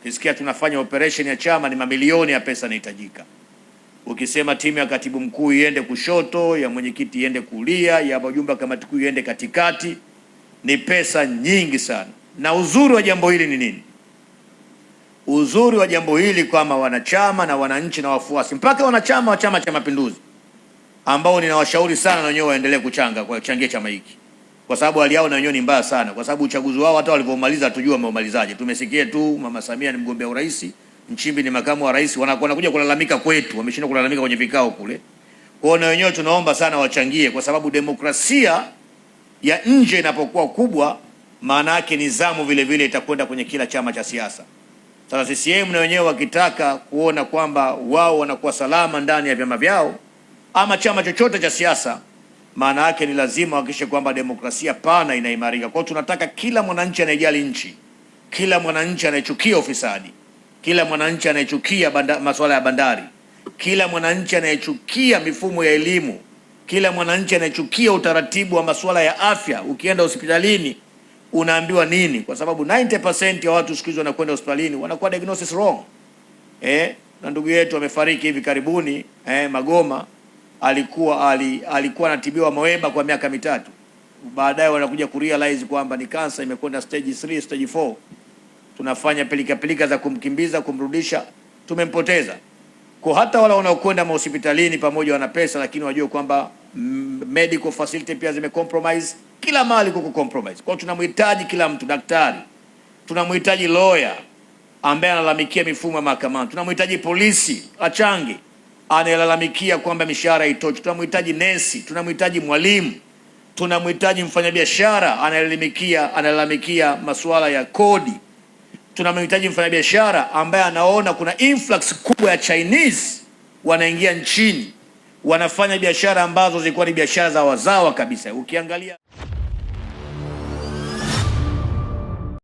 Ukisikia tunafanya operation ya chama ni mamilioni ya pesa inahitajika. Ukisema timu ya katibu mkuu iende kushoto, ya mwenyekiti iende kulia, ya wajumbe wa kamati kuu iende katikati, ni pesa nyingi sana. Na uzuri wa jambo hili ni nini? Uzuri wa jambo hili kwamba wanachama na wananchi na wafuasi, mpaka wanachama wa Chama cha Mapinduzi ambao ninawashauri sana na wenyewe waendelee kuchanga kwa kuchangia chama hiki kwa sababu hali yao na wenyewe ni mbaya sana, kwa sababu uchaguzi wao hata walivyomaliza hatujua wamemalizaje. Tumesikia tu mama Samia ni mgombea urais, Nchimbi ni makamu wa rais, wanakuja kulalamika kwetu, wameshindwa kulalamika kwenye vikao kule. Kwa na wenyewe tunaomba sana wachangie, kwa sababu demokrasia ya nje inapokuwa kubwa, maana yake nizamu vile vile itakwenda kwenye kila chama cha siasa. Sasa CCM na wenyewe wakitaka kuona kwamba wao wanakuwa salama ndani ya vyama vyao ama chama chochote cha siasa maana yake ni lazima uhakikishe kwamba demokrasia pana inaimarika. Kwa hiyo tunataka kila mwananchi anayejali nchi, kila mwananchi anayechukia ufisadi, kila mwananchi anayechukia masuala ya bandari, kila mwananchi anayechukia mifumo ya elimu, kila mwananchi anayechukia utaratibu wa masuala ya afya. Ukienda hospitalini unaambiwa nini? Kwa sababu 90% ya watu siku hizi wanakwenda hospitalini wanakuwa diagnosis wrong. Eh, na ndugu yetu amefariki hivi karibuni eh, Magoma alikuwa ali, alikuwa anatibiwa maweba kwa miaka mitatu, baadaye wanakuja kurealize kwamba ni kansa imekwenda stage 3, stage 4. Tunafanya pilika pilika za kumkimbiza kumrudisha, tumempoteza. Kwa hata wala wanaokwenda mahospitalini pamoja wana pesa, lakini wajue kwamba medical facility pia zimecompromise, kila mahali kuko compromise. Kwa tunamhitaji kila mtu daktari, tunamhitaji lawyer ambaye analalamikia mifumo ya mahakamani, tunamhitaji polisi achange anayelalamikia kwamba mishahara haitoshi. Tunamhitaji nesi, tunamhitaji mwalimu, tunamhitaji mfanyabiashara anayelalamikia analalamikia masuala ya kodi, tunamhitaji mfanyabiashara ambaye anaona kuna influx kubwa ya Chinese wanaingia nchini wanafanya biashara ambazo zilikuwa ni biashara za wazawa kabisa, ukiangalia